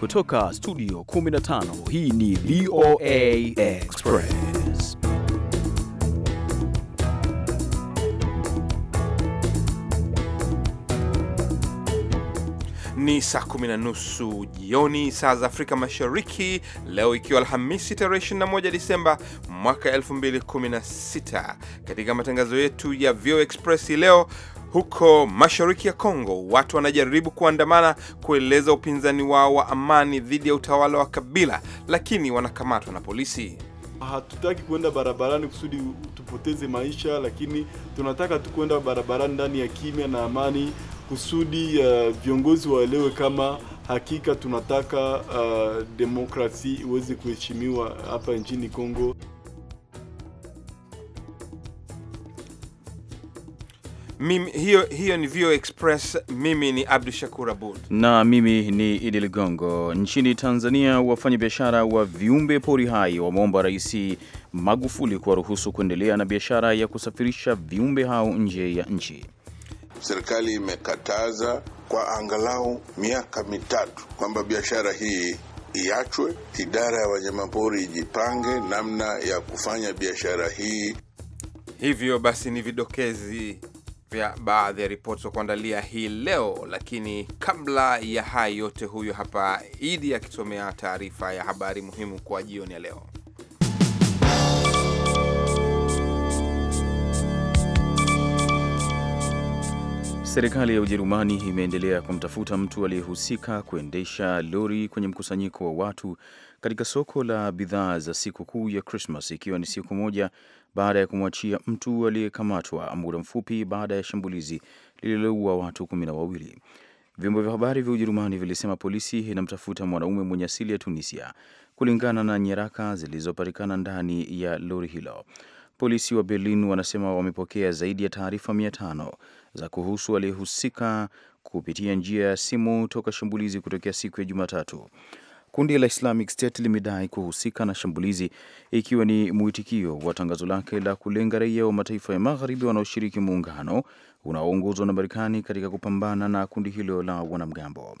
Kutoka studio 15 hii ni VOA Express. Ni saa kumi na nusu jioni saa za Afrika Mashariki, leo ikiwa Alhamisi tarehe 21 Disemba mwaka 2016. Katika matangazo yetu ya VOA Express leo huko mashariki ya Kongo, watu wanajaribu kuandamana kueleza upinzani wao wa amani dhidi ya utawala wa Kabila, lakini wanakamatwa na polisi. Hatutaki kuenda barabarani kusudi tupoteze maisha, lakini tunataka tu kuenda barabarani ndani ya kimya na amani kusudi uh, viongozi waelewe kama hakika tunataka uh, demokrasi iweze kuheshimiwa hapa nchini Kongo. Mimi, hiyo, hiyo ni Vio Express. Mimi ni Abdu Shakur Abud na mimi ni Idi Ligongo. Nchini Tanzania, wafanyabiashara wa viumbe pori hai wameomba Rais Magufuli kuwaruhusu kuendelea na biashara ya kusafirisha viumbe hao nje ya nchi. Serikali imekataza kwa angalau miaka mitatu kwamba biashara hii iachwe. Idara ya wanyamapori ijipange namna ya kufanya biashara hii. Hivyo basi ni vidokezi vya baadhi ya ripoti za kuandalia hii leo, lakini kabla ya haya yote, huyo hapa Idi akisomea taarifa ya habari muhimu kwa jioni ya leo. Serikali ya Ujerumani imeendelea kumtafuta mtu aliyehusika kuendesha lori kwenye mkusanyiko wa watu katika soko la bidhaa za siku kuu ya Krismas, ikiwa ni siku moja baada ya kumwachia mtu aliyekamatwa muda mfupi baada ya shambulizi lililoua watu kumi na wawili. Vyombo vya habari vya Ujerumani vilisema polisi inamtafuta mwanaume mwenye asili ya Tunisia, kulingana na nyaraka zilizopatikana ndani ya lori hilo. Polisi wa Berlin wanasema wamepokea zaidi ya taarifa mia tano za kuhusu aliyehusika kupitia njia ya simu toka shambulizi kutokea siku ya Jumatatu. Kundi la Islamic State limedai kuhusika na shambulizi ikiwa ni mwitikio wa tangazo lake la kulenga raia wa mataifa ya magharibi wanaoshiriki muungano unaoongozwa na Marekani katika kupambana na kundi hilo la wanamgambo.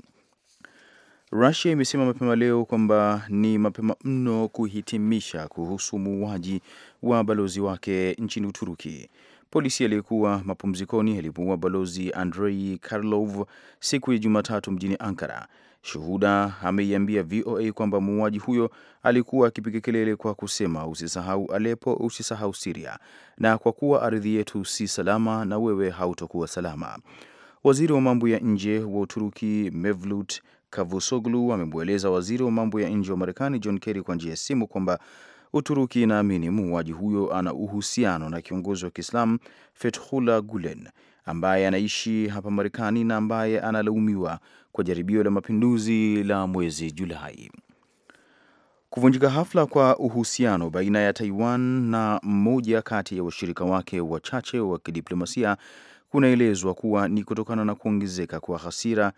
Rusia imesema mapema leo kwamba ni mapema mno kuhitimisha kuhusu muuaji wa balozi wake nchini Uturuki. Polisi aliyekuwa mapumzikoni alimuua balozi Andrei Karlov siku ya Jumatatu mjini Ankara. Shuhuda ameiambia VOA kwamba muuaji huyo alikuwa akipiga kelele kwa kusema, usisahau Alepo, usisahau Siria, na kwa kuwa ardhi yetu si salama na wewe hautokuwa salama. Waziri wa mambo ya nje wa Uturuki Mevlut kavusoglu amemweleza waziri wa mambo ya nje wa Marekani John Kerry kwa njia ya simu kwamba Uturuki inaamini muuaji huyo ana uhusiano na kiongozi wa Kiislamu Fethullah Gulen ambaye anaishi hapa Marekani na ambaye analaumiwa kwa jaribio la mapinduzi la mwezi Julai. Kuvunjika hafla kwa uhusiano baina ya Taiwan na mmoja kati ya washirika wake wachache wa kidiplomasia kunaelezwa kuwa ni kutokana na kuongezeka kwa hasira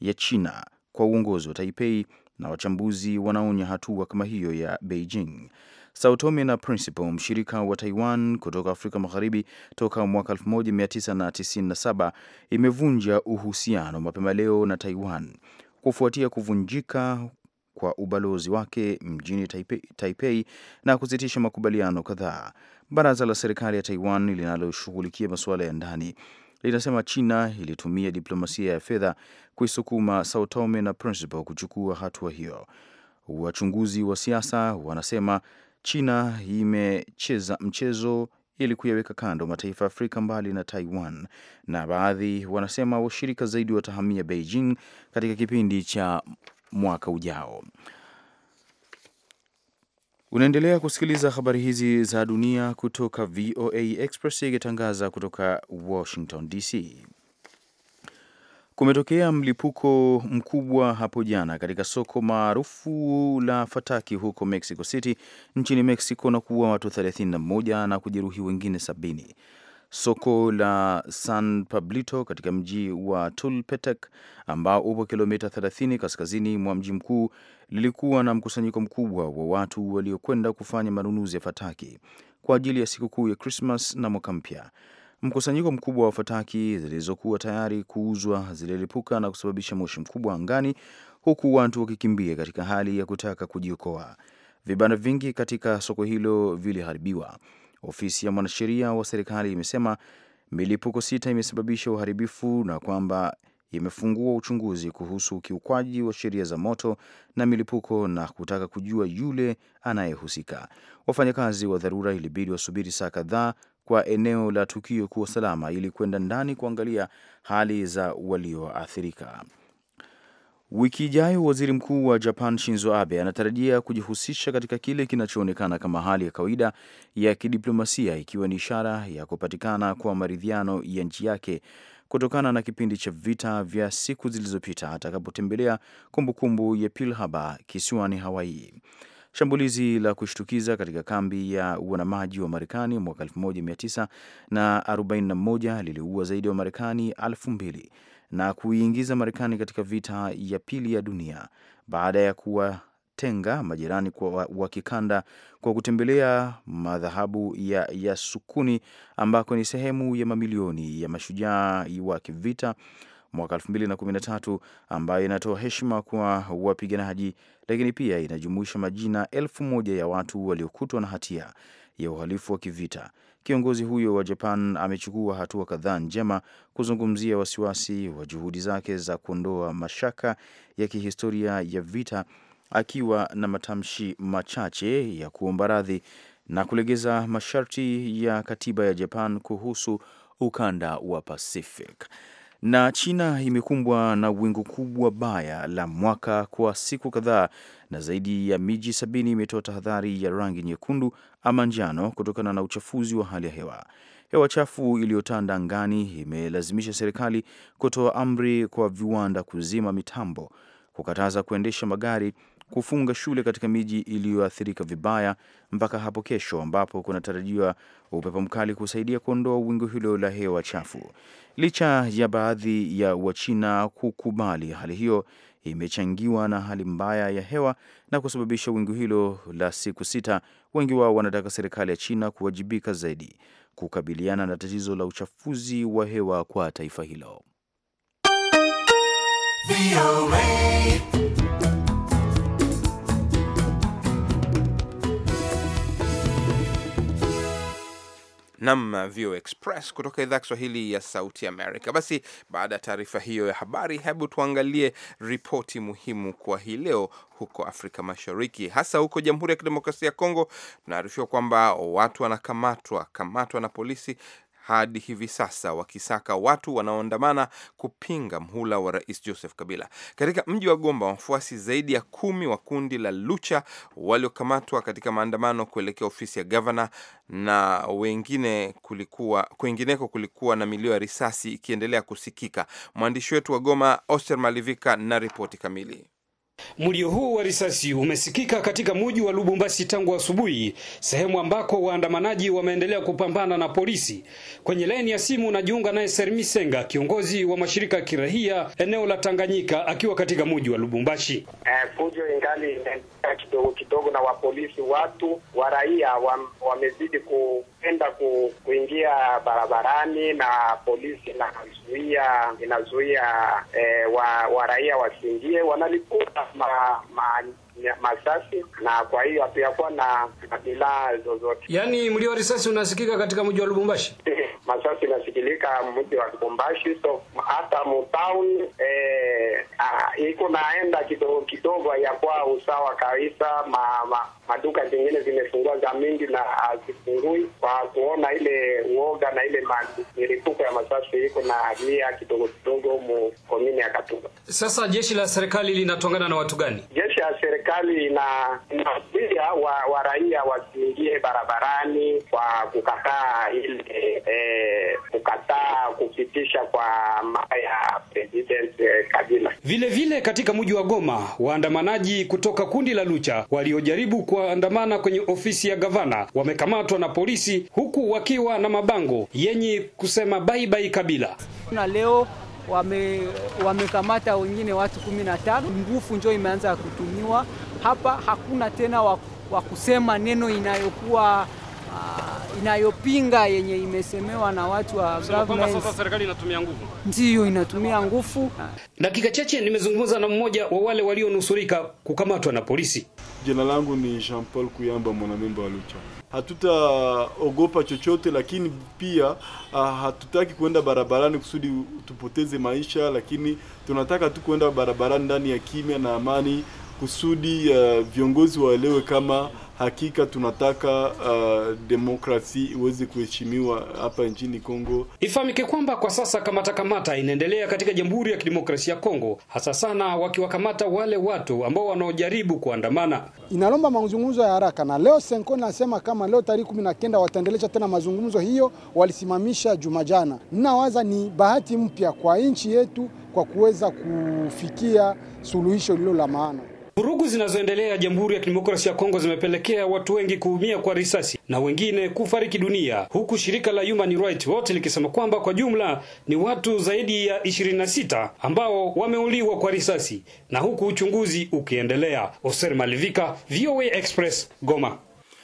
ya China kwa uongozi wa Taipei na wachambuzi wanaonya hatua kama hiyo ya Beijing. Sao Tome na Principe, mshirika wa Taiwan kutoka Afrika Magharibi toka mwaka 1997, imevunja uhusiano mapema leo na Taiwan kufuatia kuvunjika kwa ubalozi wake mjini Taipei, Taipei na kusitisha makubaliano kadhaa. Baraza la serikali ya Taiwan linaloshughulikia masuala ya ndani linasema China ilitumia diplomasia ya fedha kuisukuma Sao Tome na Principe kuchukua hatua hiyo. Wachunguzi wa siasa wanasema China imecheza mchezo ili kuyaweka kando mataifa ya Afrika mbali na Taiwan, na baadhi wanasema washirika zaidi watahamia Beijing katika kipindi cha mwaka ujao. Unaendelea kusikiliza habari hizi za dunia kutoka VOA Express ikitangaza kutoka Washington DC. Kumetokea mlipuko mkubwa hapo jana katika soko maarufu la fataki huko Mexico City nchini Mexico na kuua watu 31 na kujeruhi wengine sabini soko la San Pablito katika mji wa Tulpetec ambao upo kilomita 30 kaskazini mwa mji mkuu lilikuwa na mkusanyiko mkubwa wa watu waliokwenda kufanya manunuzi ya fataki kwa ajili ya sikukuu ya Krismas na mwaka mpya. Mkusanyiko mkubwa wa fataki zilizokuwa tayari kuuzwa zililipuka na kusababisha moshi mkubwa angani, huku watu wakikimbia katika hali ya kutaka kujiokoa. Vibanda vingi katika soko hilo viliharibiwa Ofisi ya mwanasheria wa serikali imesema milipuko sita imesababisha uharibifu na kwamba imefungua uchunguzi kuhusu ukiukwaji wa sheria za moto na milipuko na kutaka kujua yule anayehusika. Wafanyakazi wa dharura ilibidi wasubiri saa kadhaa kwa eneo la tukio kuwa salama ili kwenda ndani kuangalia hali za walioathirika. Wiki ijayo waziri mkuu wa Japan Shinzo Abe anatarajia kujihusisha katika kile kinachoonekana kama hali ya kawaida ya kidiplomasia, ikiwa ni ishara ya kupatikana kwa maridhiano ya nchi yake kutokana na kipindi cha vita vya siku zilizopita, atakapotembelea kumbukumbu ya Pearl Harbor kisiwani Hawaii. Shambulizi la kushtukiza katika kambi ya uanamaji wa Marekani mwaka 1941 liliua zaidi ya Wamarekani elfu mbili na kuiingiza Marekani katika vita ya pili ya dunia baada ya kuwatenga majirani kwa wa kikanda kwa kutembelea madhahabu ya Yasukuni ambako ni sehemu ya mamilioni ya mashujaa wa kivita mwaka 2013 ambayo inatoa heshima kwa wapiganaji, lakini pia inajumuisha majina elfu moja ya watu waliokutwa na hatia ya uhalifu wa kivita Kiongozi huyo wa Japan amechukua hatua kadhaa njema kuzungumzia wasiwasi wa juhudi zake za kuondoa mashaka ya kihistoria ya vita, akiwa na matamshi machache ya kuomba radhi na kulegeza masharti ya katiba ya Japan kuhusu ukanda wa Pacific. Na China imekumbwa na wingu kubwa baya la mwaka kwa siku kadhaa, na zaidi ya miji sabini imetoa tahadhari ya rangi nyekundu ama njano kutokana na uchafuzi wa hali ya hewa. Hewa chafu iliyotanda angani imelazimisha serikali kutoa amri kwa viwanda kuzima mitambo, kukataza kuendesha magari kufunga shule katika miji iliyoathirika vibaya mpaka hapo kesho, ambapo kunatarajiwa upepo mkali kusaidia kuondoa wingu hilo la hewa chafu. Licha ya baadhi ya Wachina kukubali hali hiyo imechangiwa na hali mbaya ya hewa na kusababisha wingu hilo la siku sita. Wengi wao wanataka serikali ya China kuwajibika zaidi kukabiliana na tatizo la uchafuzi wa hewa kwa taifa hilo. nam VOA Express kutoka idhaa ya Kiswahili ya Sauti Amerika. Basi baada ya taarifa hiyo ya habari, hebu tuangalie ripoti muhimu kwa hii leo huko Afrika Mashariki, hasa huko Jamhuri ya Kidemokrasia ya Kongo. Tunaarifiwa kwamba watu wanakamatwa kamatwa na polisi hadi hivi sasa wakisaka watu wanaoandamana kupinga mhula wa rais Joseph Kabila. Katika mji wa Gomba, wafuasi zaidi ya kumi wa kundi la Lucha waliokamatwa katika maandamano kuelekea ofisi ya gavana na wengine kulikuwa, kwengineko kulikuwa na milio ya risasi ikiendelea kusikika. Mwandishi wetu wa Goma, Oster Malivika, na ripoti kamili. Mlio huu wa risasi umesikika katika muji wa Lubumbashi tangu asubuhi, sehemu ambako waandamanaji wameendelea kupambana na polisi. Kwenye laini ya simu najiunga naye Sermi Senga, kiongozi wa mashirika ya kirahia eneo la Tanganyika, akiwa katika muji wa Lubumbashi. Eh, fujo ingali kidogo kidogo na wapolisi, watu wa raia wamezidi ku penda ku, kuingia barabarani na polisi inazuia inazuia eh, wa, wa raia wasiingie wanalikuta ma, ma masasi, na kwa hiyo hatuyakuwa na bidhaa zozote. Yaani mlio wa risasi unasikika katika mji wa Lubumbashi? Eh, masasi inasikilika mji wa Lubumbashi, so hata mtown eh, ah, iko naenda kidogo kidogo, hayakuwa usawa kabisa. ma, ma, maduka zingine zimefungua za mingi na hazifungui kwa kuona ile uoga na ile milipuko ya masasi iko na lia kidogo kidogo mu komini ya Katumba. Sasa jeshi la serikali linatongana na watu gani? Jeshi la serikali serikali inawazuia wa, wa raia wasiingie barabarani kwa kukataa ile eh, kukataa kupitisha kwa mara ya president eh, Kabila. Vile vile katika mji wa Goma waandamanaji kutoka kundi la Lucha waliojaribu kuandamana kwenye ofisi ya gavana wamekamatwa na polisi huku wakiwa na mabango yenye kusema bye bye Kabila. Na leo wamekamata wame wengine watu kumi na tano. Nguvu njo imeanza kutumiwa hapa, hakuna tena wa kusema neno inayokuwa uh, inayopinga yenye imesemewa na watu wa government. Sasa serikali inatumia nguvu, ndiyo inatumia nguvu. Dakika chache nimezungumza na mmoja wa wale walionusurika kukamatwa na polisi. Jina langu ni Jean Paul Kuyamba, mwanamemba wa Lucha hatutaogopa chochote, lakini pia ah, hatutaki kuenda barabarani kusudi tupoteze maisha, lakini tunataka tu kuenda barabarani ndani ya kimya na amani kusudi uh, viongozi waelewe kama Hakika tunataka uh, demokrasi iweze kuheshimiwa hapa nchini Kongo. Ifahamike kwamba kwa sasa kamata kamata inaendelea katika Jamhuri ya Kidemokrasia ya Kongo, hasa sana wakiwakamata wale watu ambao wanaojaribu kuandamana. Inalomba mazungumzo ya haraka, na leo Senko nasema kama leo tarehe kumi na kenda wataendelesha tena mazungumzo hiyo walisimamisha Jumajana. Ninawaza ni bahati mpya kwa nchi yetu kwa kuweza kufikia suluhisho lililo la maana. Vurugu zinazoendelea Jamhuri ya Kidemokrasia ya Kongo zimepelekea watu wengi kuumia kwa risasi na wengine kufariki dunia, huku shirika la Human Rights Watch likisema kwamba kwa jumla ni watu zaidi ya 26 ambao wameuliwa kwa risasi na huku uchunguzi ukiendelea. Oser Malivika, VOA Express, Goma.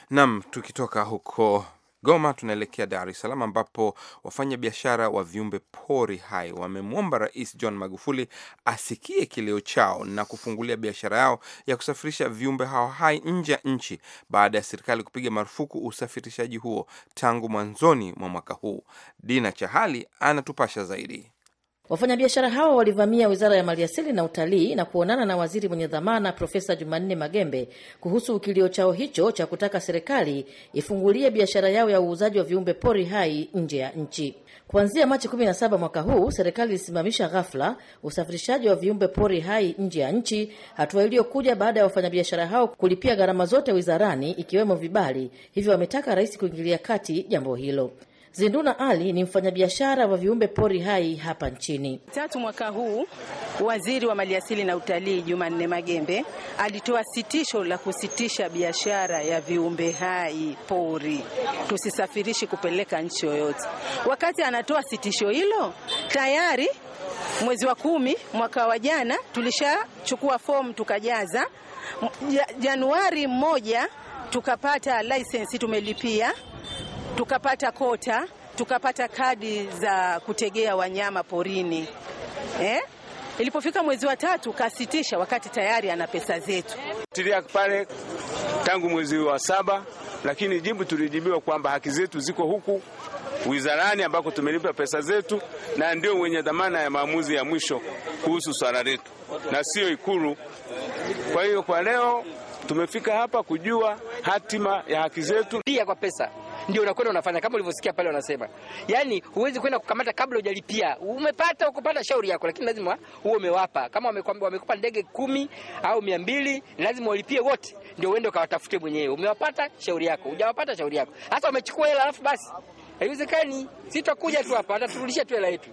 Nam, tukitoka huko Goma tunaelekea Dar es Salaam ambapo wafanyabiashara wa viumbe pori hai wamemwomba Rais John Magufuli asikie kilio chao na kufungulia biashara yao ya kusafirisha viumbe hao hai nje ya nchi baada ya serikali kupiga marufuku usafirishaji huo tangu mwanzoni mwa mwaka huu. Dina Chahali anatupasha zaidi. Wafanyabiashara hao walivamia Wizara ya Maliasili na Utalii na kuonana na waziri mwenye dhamana Profesa Jumanne Magembe kuhusu kilio chao hicho cha kutaka serikali ifungulie biashara yao ya uuzaji wa viumbe pori hai nje ya nchi. Kuanzia Machi 17 mwaka huu, serikali ilisimamisha ghafla usafirishaji wa viumbe pori hai nje ya nchi, hatua iliyokuja baada ya wafanyabiashara hao kulipia gharama zote wizarani, ikiwemo vibali. Hivyo wametaka rais kuingilia kati jambo hilo. Zinduna Ali ni mfanyabiashara wa viumbe pori hai hapa nchini. Tatu mwaka huu waziri wa maliasili na utalii Jumanne Magembe alitoa sitisho la kusitisha biashara ya viumbe hai pori, tusisafirishi kupeleka nchi yoyote. Wakati anatoa sitisho hilo, tayari mwezi wa kumi mwaka wa jana tulishachukua fomu tukajaza. Januari moja tukapata lisensi tumelipia tukapata kota, tukapata kadi za kutegea wanyama porini eh? Ilipofika mwezi wa tatu kasitisha, wakati tayari ana pesa zetu tilia pale tangu mwezi wa saba, lakini jibu tulijibiwa kwamba haki zetu ziko huku wizarani ambako tumelipa pesa zetu, na ndio wenye dhamana ya maamuzi ya mwisho kuhusu swala letu na sio Ikulu. Kwa hiyo kwa leo tumefika hapa kujua hatima ya haki zetu. Pia kwa pesa ndio unakwenda unafanya kama ulivyosikia pale wanasema. yani huwezi kwenda kukamata kabla hujalipia. Umepata ukupata shauri yako, lakini lazima huo umewapa. Kama wamekwambia wamekupa ndege kumi au mia mbili lazima walipie wote, ndio uende ukawatafute mwenyewe. Umewapata shauri yako, hujawapata shauri yako. hasa wamechukua hela alafu basi haiwezekani. Sitakuja tu hapa, ataturudisha tu hela yetu.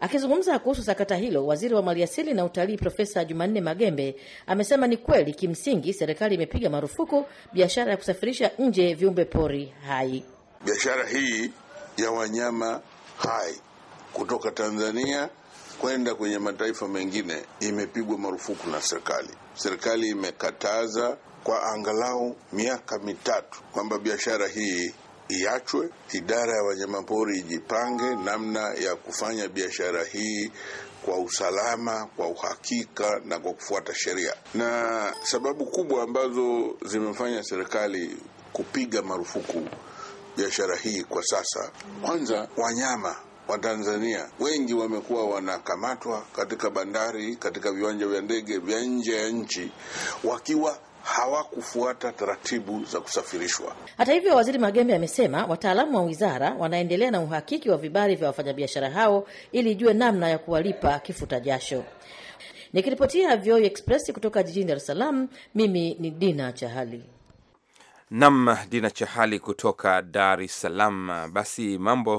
Akizungumza kuhusu sakata hilo, waziri wa maliasili na utalii Profesa Jumanne Magembe amesema ni kweli, kimsingi serikali imepiga marufuku biashara ya kusafirisha nje viumbe pori hai. Biashara hii ya wanyama hai kutoka Tanzania kwenda kwenye mataifa mengine imepigwa marufuku na serikali. Serikali imekataza kwa angalau miaka mitatu kwamba biashara hii iachwe. Idara ya wanyamapori ijipange namna ya kufanya biashara hii kwa usalama, kwa uhakika na kwa kufuata sheria. Na sababu kubwa ambazo zimefanya serikali kupiga marufuku biashara hii kwa sasa, kwanza wanyama wa tanzania wengi wamekuwa wanakamatwa katika bandari, katika viwanja vya ndege vya nje ya nchi wakiwa hawakufuata taratibu za kusafirishwa. Hata hivyo, Waziri Magembe amesema wataalamu wa wizara wanaendelea na uhakiki wa vibali vya wafanyabiashara hao ili ijue namna ya kuwalipa kifuta jasho. Nikiripotia VOA e Express kutoka jijini Dar es Salaam, mimi ni Dina Chahali. Nam Dina Chahali kutoka Dar es Salaam. Basi mambo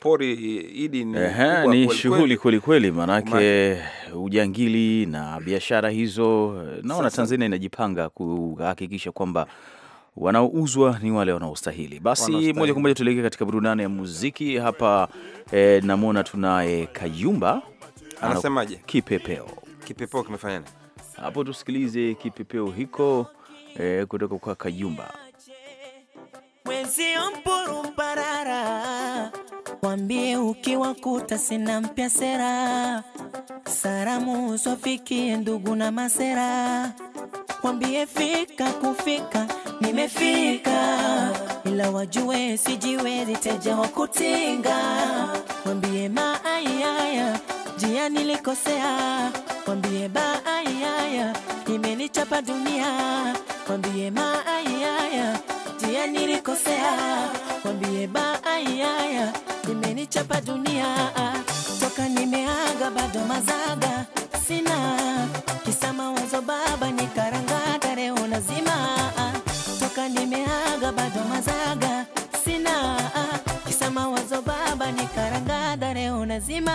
pori idi ni, Ehe, ni shughuli kwelikweli, maanake ujangili na biashara hizo. Naona Tanzania inajipanga kuhakikisha kwamba wanaouzwa ni wale wanaostahili. Basi moja kwa moja tuelekee katika burudani ya muziki hapa. Eh, namwona tunaye Kayumba anasemaje? Kipepeo, kipepeo kimefanya hapo, tusikilize kipepeo hiko eh, kutoka kwa Kayumba. Mwenzio mpurumbarara, wambie ukiwakuta sina mpya sera, salamu zwafikie ndugu na masera, wambie fika kufika nimefika, ila wajue sijiwezi teja wa kutinga, wambie maayaya jia nilikosea, wambie baayaya imenichapa dunia, wambie maayaya kama nilikosea, wambie baayaya, nimenichapa dunia toka nimeaga, bado mazaga sina kisa mawazo baba nikarangata leo lazima toka nimeaga, bado mazaga sina kisa mawazo baba nikarangata leo lazima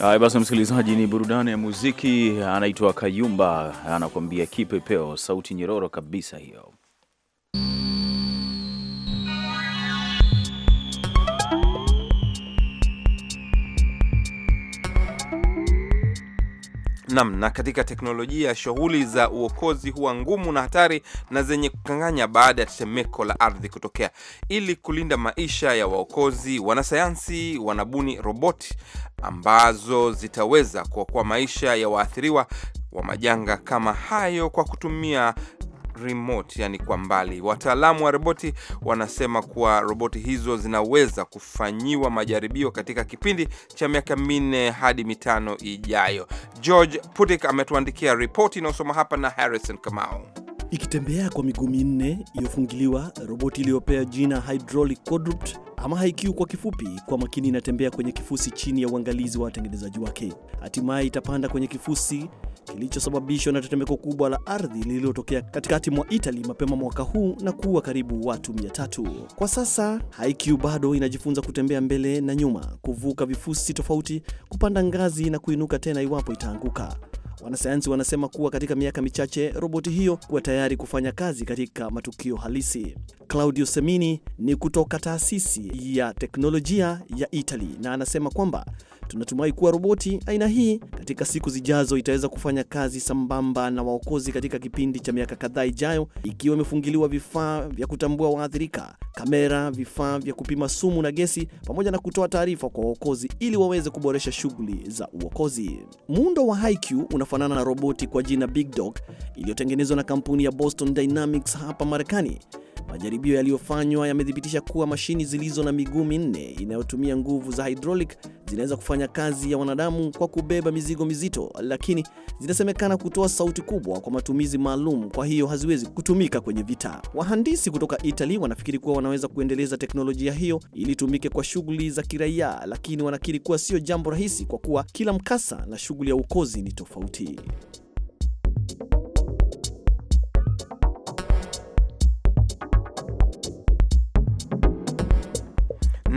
Haya basi, msikilizaji, ni burudani ya muziki. Anaitwa Kayumba, anakuambia kipepeo, sauti nyororo kabisa hiyo. namna. Katika teknolojia, shughuli za uokozi huwa ngumu na hatari na zenye kukanganya baada ya tetemeko la ardhi kutokea. Ili kulinda maisha ya waokozi, wanasayansi wanabuni roboti ambazo zitaweza kuokoa maisha ya waathiriwa wa majanga kama hayo kwa kutumia remote, yani kwa mbali. Wataalamu wa roboti wanasema kuwa roboti hizo zinaweza kufanyiwa majaribio katika kipindi cha miaka minne hadi mitano ijayo. George Putik ametuandikia ripoti inayosoma hapa na Harrison Kamau. Ikitembea kwa miguu minne iliyofungiliwa, roboti iliyopewa jina hydraulic quadruped ama haikiu kwa kifupi, kwa makini inatembea kwenye kifusi chini ya uangalizi wa watengenezaji wake. Hatimaye itapanda kwenye kifusi kilichosababishwa na tetemeko kubwa la ardhi lililotokea katikati mwa Italy mapema mwaka huu na kuua karibu watu 300. Kwa sasa Haikyuu bado inajifunza kutembea mbele na nyuma, kuvuka vifusi tofauti, kupanda ngazi na kuinuka tena iwapo itaanguka. Wanasayansi wanasema kuwa katika miaka michache roboti hiyo kuwa tayari kufanya kazi katika matukio halisi. Claudio Semini ni kutoka taasisi ya teknolojia ya Italy na anasema kwamba Tunatumai kuwa roboti aina hii katika siku zijazo itaweza kufanya kazi sambamba na waokozi katika kipindi cha miaka kadhaa ijayo, ikiwa imefungiliwa vifaa vya kutambua waathirika, kamera, vifaa vya kupima sumu na gesi, pamoja na kutoa taarifa kwa waokozi ili waweze kuboresha shughuli za uokozi. Muundo wa HiQ unafanana na roboti kwa jina Big Dog iliyotengenezwa na kampuni ya Boston Dynamics hapa Marekani Majaribio yaliyofanywa yamethibitisha kuwa mashini zilizo na miguu minne inayotumia nguvu za hydraulic zinaweza kufanya kazi ya wanadamu kwa kubeba mizigo mizito, lakini zinasemekana kutoa sauti kubwa kwa matumizi maalum, kwa hiyo haziwezi kutumika kwenye vita. Wahandisi kutoka Italy wanafikiri kuwa wanaweza kuendeleza teknolojia hiyo ili itumike kwa shughuli za kiraia, lakini wanakiri kuwa sio jambo rahisi kwa kuwa kila mkasa na shughuli ya uokozi ni tofauti.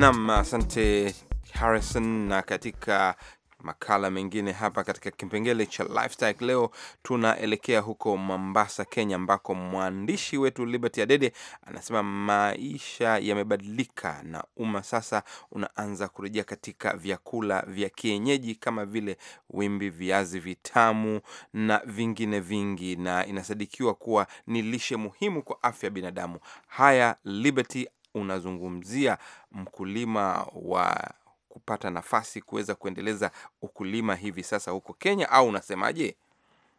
Nam, asante Harrison. Na katika makala mengine hapa katika kipengele cha lifestyle leo tunaelekea huko Mombasa, Kenya, ambako mwandishi wetu Liberty Adede anasema maisha yamebadilika na umma sasa unaanza kurejea katika vyakula vya kienyeji kama vile wimbi, viazi vitamu na vingine vingi, na inasadikiwa kuwa ni lishe muhimu kwa afya ya binadamu. Haya, Liberty unazungumzia mkulima wa kupata nafasi kuweza kuendeleza ukulima hivi sasa huko Kenya au unasemaje?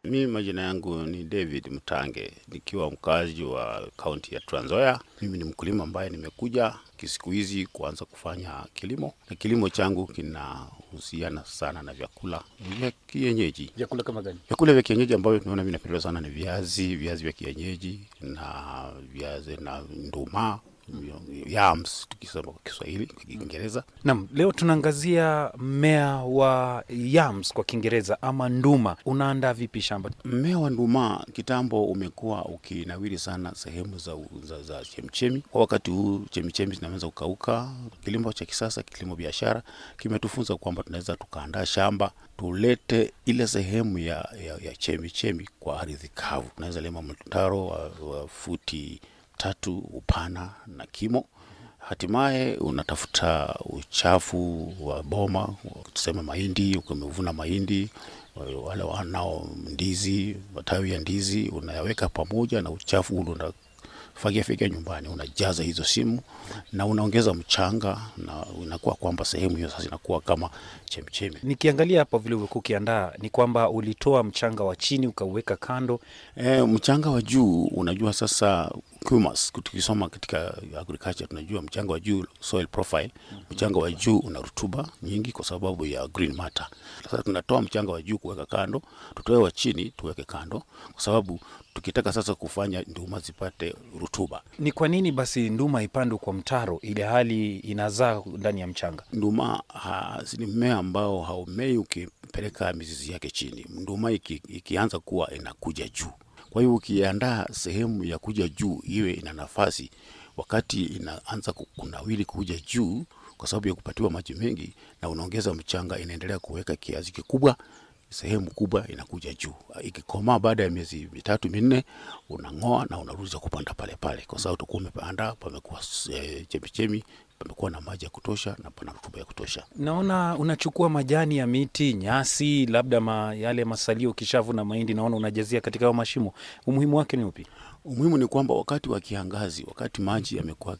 Mimi majina yangu ni David Mtange, nikiwa mkazi wa kaunti ya Trans Nzoia. Mimi ni mkulima ambaye nimekuja kisiku hizi kuanza kufanya kilimo, na kilimo changu kinahusiana sana na vyakula vya kienyeji. Vyakula kama gani? Vyakula vya kienyeji ambavyo tunaona mimi sana ni viazi, viazi vya kienyeji na viazi na nduma yams tukisema kwa Kiswahili, kwa Kiingereza. nam leo tunaangazia mmea wa yams kwa Kiingereza ama nduma. Unaandaa vipi shamba? Mmea wa nduma kitambo umekuwa ukinawiri sana sehemu za, za, za chemichemi. Kwa wakati huu chemichemi zinaweza kukauka. Kilimo cha kisasa, kilimo biashara kimetufunza kwamba tunaweza tukaandaa shamba tulete ile sehemu ya, ya, ya chemichemi kwa ardhi kavu. unaweza lima mtaro wa, wa futi tatu upana na kimo. Hatimaye unatafuta uchafu wa boma, tuseme mahindi, umevuna mahindi, wale wanao ndizi, matawi ya ndizi, unayaweka pamoja na uchafu ule nyumbani, unajaza hizo simu na unaongeza mchanga, na inakuwa kwamba sehemu hiyo sasa inakuwa kama chemchemi. Nikiangalia hapa vile ulikuwa ukiandaa, ni kwamba ulitoa mchanga wa chini ukauweka kando. E, mchanga wa juu, unajua sasa humus, tukisoma katika agriculture tunajua mchanga wa juu soil profile, mchanga wa juu una rutuba nyingi kwa sababu ya green matter. Sasa tunatoa mchanga wa juu kuweka kando, tutoe wa chini tuweke kando, kwa sababu tukitaka sasa kufanya nduma zipate rutuba. Ni kwa nini basi nduma ipandwe kwa mtaro ile hali inazaa ndani ya mchanga? Nduma ni mmea ambao haumei ukipeleka mizizi yake chini. Nduma iki, ikianza kuwa inakuja juu kwa hiyo ukiandaa sehemu ya kuja juu iwe ina nafasi wakati inaanza kunawili kuja juu, kwa sababu ya kupatiwa maji mengi, na unaongeza mchanga, inaendelea kuweka kiasi kikubwa, sehemu kubwa inakuja juu. Ikikomaa baada ya miezi mitatu minne, unang'oa na unarudi kupanda pale pale, kwa sababu utakuwa umepanda pamekuwa eh, chemichemi pamekuwa na maji ya kutosha na pana rutuba ya kutosha. Naona unachukua majani ya miti, nyasi, labda ma, yale masalio, kishavu na mahindi, naona unajazia katika hayo mashimo. Umuhimu wake ni upi? Umuhimu ni kwamba wakati wa kiangazi, wakati maji yamekuwa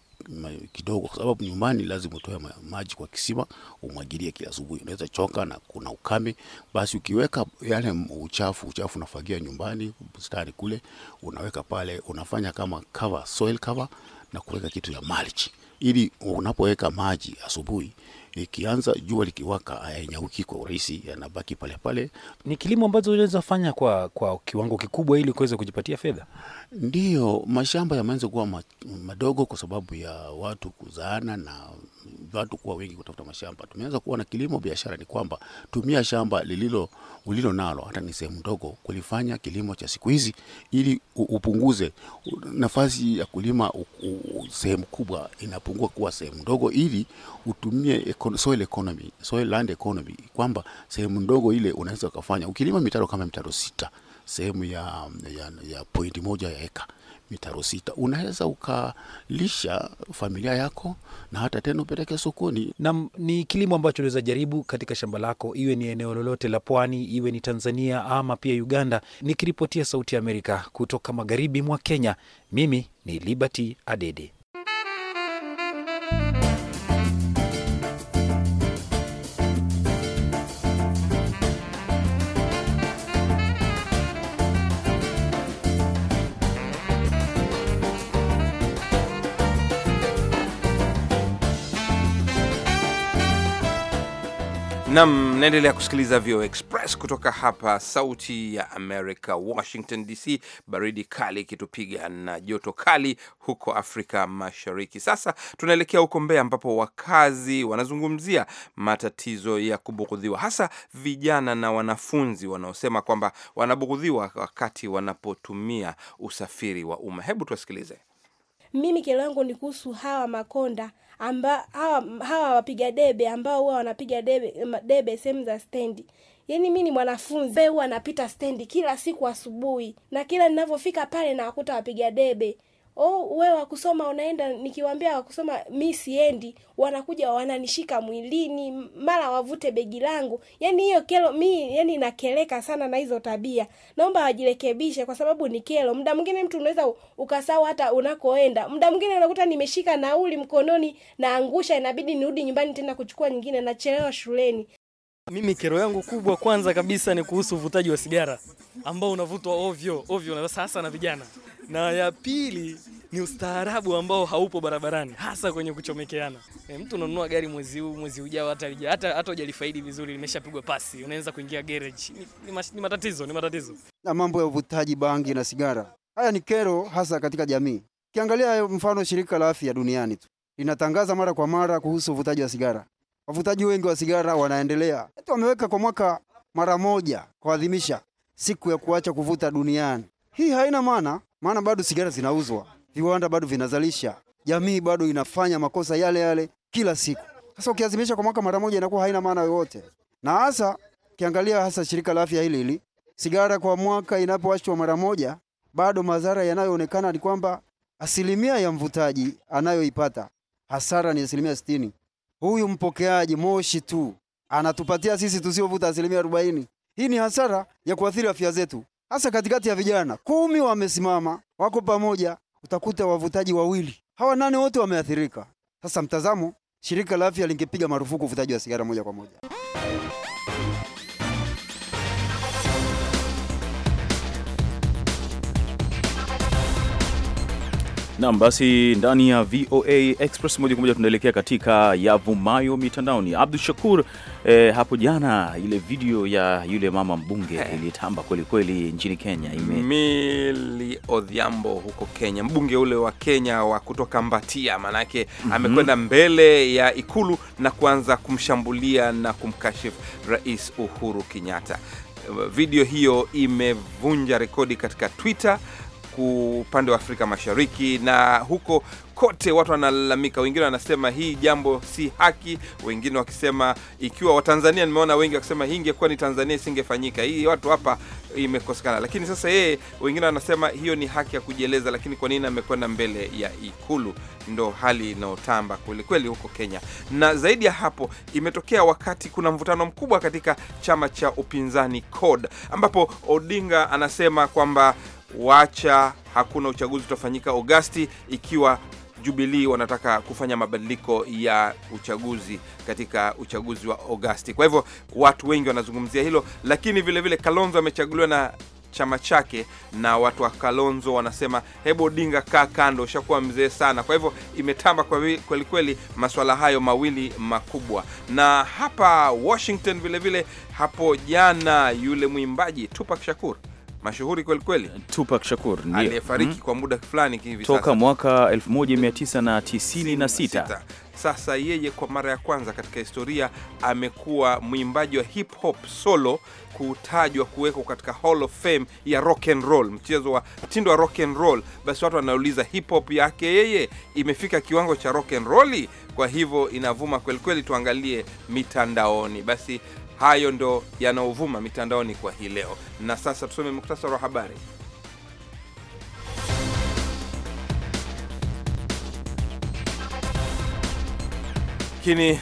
kidogo, kwa sababu nyumbani lazima utoe maji kwa kisima umwagilie kila asubuhi. Unaweza choka na kuna ukame, basi ukiweka yale uchafu, uchafu unafagia nyumbani, bustani kule, unaweka pale, unafanya kama cover, soil cover na kuweka kitu ya mulch ili unapoweka maji asubuhi, ikianza jua likiwaka, hayanyauki eh, kwa urahisi, yanabaki pale pale. Ni kilimo ambazo unaweza fanya kwa, kwa kiwango kikubwa ili kuweza kujipatia fedha. Ndiyo, mashamba yameanza kuwa madogo kwa sababu ya watu kuzaana na watu kuwa wengi kutafuta mashamba. Tumeanza kuwa na kilimo biashara, ni kwamba tumia shamba lililo ulilo nalo, hata ni sehemu ndogo, kulifanya kilimo cha siku hizi, ili upunguze nafasi ya kulima sehemu kubwa, inapungua kuwa sehemu ndogo, ili utumie soil economy, soil land economy, kwamba sehemu ndogo ile unaweza ukafanya ukilima mitaro kama mitaro sita sehemu ya, ya, ya pointi moja ya eka mitaro sita. Unaweza ukalisha familia yako na hata tena upeleke sokoni. Na ni kilimo ambacho unaweza jaribu katika shamba lako, iwe ni eneo lolote la pwani, iwe ni Tanzania ama pia Uganda. Nikiripotia Sauti ya Amerika kutoka magharibi mwa Kenya, mimi ni Liberty Adede. Nam, naendelea kusikiliza VOA Express kutoka hapa Sauti ya Amerika, Washington DC. Baridi kali ikitupiga na joto kali huko Afrika Mashariki. Sasa tunaelekea huko Mbeya, ambapo wakazi wanazungumzia matatizo ya kubughudhiwa, hasa vijana na wanafunzi wanaosema kwamba wanabughudhiwa wakati wanapotumia usafiri wa umma. Hebu tuwasikilize. Mimi kero yangu ni kuhusu hawa makonda amba, hawa, hawa wapiga debe ambao huwa wanapiga debe, debe sehemu za stendi. Yaani mi ni mwanafunzi huwa napita stendi kila siku asubuhi, na kila ninavyofika pale nawakuta wapiga debe oh, we wakusoma unaenda, nikiwambia wakusoma mi siendi, wanakuja wananishika mwilini, mara wavute begi langu. Yani hiyo kero mi, yani nakeleka sana na hizo tabia. Naomba wajirekebishe, kwa sababu ni kero. mda mwingine mtu unaweza ukasau hata unakoenda. mda mwingine unakuta nimeshika nauli mkononi, naangusha, inabidi nirudi nyumbani tena kuchukua nyingine, nachelewa shuleni. Mimi kero yangu kubwa kwanza kabisa ni kuhusu uvutaji wa sigara ambao unavutwa ovyo ovyo na sasa na vijana, na ya pili ni ustaarabu ambao haupo barabarani, hasa kwenye kuchomekeana. E, mtu unanunua gari mwezi huu, mwezi ujao, hata hata hata hujalifaidi vizuri, limeshapigwa pasi, unaanza kuingia garage. Ni, ni, ni matatizo, ni matatizo. Na mambo ya uvutaji bangi na sigara, haya ni kero hasa katika jamii. Kiangalia mfano shirika la afya duniani tu linatangaza mara kwa mara kuhusu uvutaji wa sigara Wavutaji wengi wa sigara wanaendelea, hata wameweka kwa mwaka mara moja kuadhimisha siku ya kuacha kuvuta duniani. Hii haina maana, maana bado sigara zinauzwa, viwanda bado vinazalisha, jamii bado inafanya makosa yale yale kila siku. Sasa ukiazimisha kwa mwaka mara moja inakuwa haina maana yoyote, na hasa ukiangalia hasa shirika la afya hili hili, sigara kwa mwaka inapoachwa mara moja, bado madhara yanayoonekana ni kwamba asilimia ya mvutaji anayoipata hasara ni asilimia sitini. Huyu mpokeaji moshi tu anatupatia sisi tusiovuta asilimia arobaini. Hii ni hasara ya kuathiri afya zetu, hasa katikati ya vijana. Kumi wamesimama wako pamoja, utakuta wavutaji wawili, hawa nane wote wameathirika. Sasa mtazamo, shirika la afya lingepiga marufuku uvutaji wa sigara moja kwa moja. Nam, basi ndani ya VOA Express moja kwa moja tunaelekea katika yavumayo mitandaoni. Abdu Shakur, eh, hapo jana ile video ya yule mama mbunge hey, eh. ilitamba kwelikweli nchini Kenya ime... Mili Odhiambo huko Kenya, mbunge ule wa Kenya wa kutoka Mbatia, maanake mm -hmm, amekwenda mbele ya Ikulu na kuanza kumshambulia na kumkashifu Rais Uhuru Kenyatta. Video hiyo imevunja rekodi katika Twitter upande wa Afrika Mashariki na huko kote watu wanalalamika, wengine wanasema hii jambo si haki, wengine wakisema ikiwa Watanzania, nimeona wengi wakisema hii ingekuwa ni Tanzania isingefanyika hii, watu hapa imekosekana. Lakini sasa yeye, wengine wanasema hiyo ni haki ya kujieleza, lakini kwa nini amekwenda mbele ya Ikulu? Ndo hali inayotamba kwelikweli huko Kenya. Na zaidi ya hapo, imetokea wakati kuna mvutano mkubwa katika chama cha upinzani CORD ambapo Odinga anasema kwamba wacha hakuna uchaguzi utafanyika Agosti ikiwa jubilii wanataka kufanya mabadiliko ya uchaguzi katika uchaguzi wa Agosti. Kwa hivyo watu wengi wanazungumzia hilo, lakini vile vile Kalonzo amechaguliwa na chama chake, na watu wa Kalonzo wanasema hebu Odinga, kaa kando, ushakuwa mzee sana. Kwa hivyo imetamba kwelikweli kweli maswala hayo mawili makubwa. Na hapa Washington vilevile vile, hapo jana yule mwimbaji Tupac Shakur mashuhuri kweli kweli, Tupac Shakur ndiye aliyefariki mm, kwa muda fulani hivi sasa toka mwaka 1996. Sasa yeye kwa mara ya kwanza katika historia amekuwa mwimbaji wa hip hop solo kutajwa kuwekwa katika Hall of Fame ya rock and roll, mchezo wa mtindo wa rock and roll. Basi watu wanauliza hip hop yake yeye imefika kiwango cha rock and roll? Kwa hivyo inavuma kwelikweli, tuangalie mitandaoni basi Hayo ndo yanaovuma mitandaoni kwa hii leo. Na sasa tusome muktasari wa habari. Lakini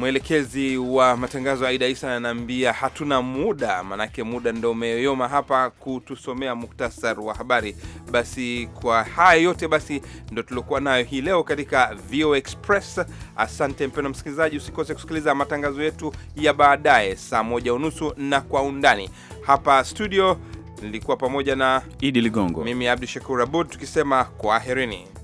Mwelekezi wa matangazo Aida Isa anaambia hatuna muda, manake muda ndo umeyoma hapa kutusomea muktasar wa habari. Basi kwa haya yote, basi ndo tuliokuwa nayo hii leo katika VOA Express. Asante mpendwa msikilizaji, usikose kusikiliza matangazo yetu ya baadaye saa moja unusu na kwa undani hapa studio. Nilikuwa pamoja na Idi Ligongo, mimi Abdu Shakur Abud, tukisema kwaherini.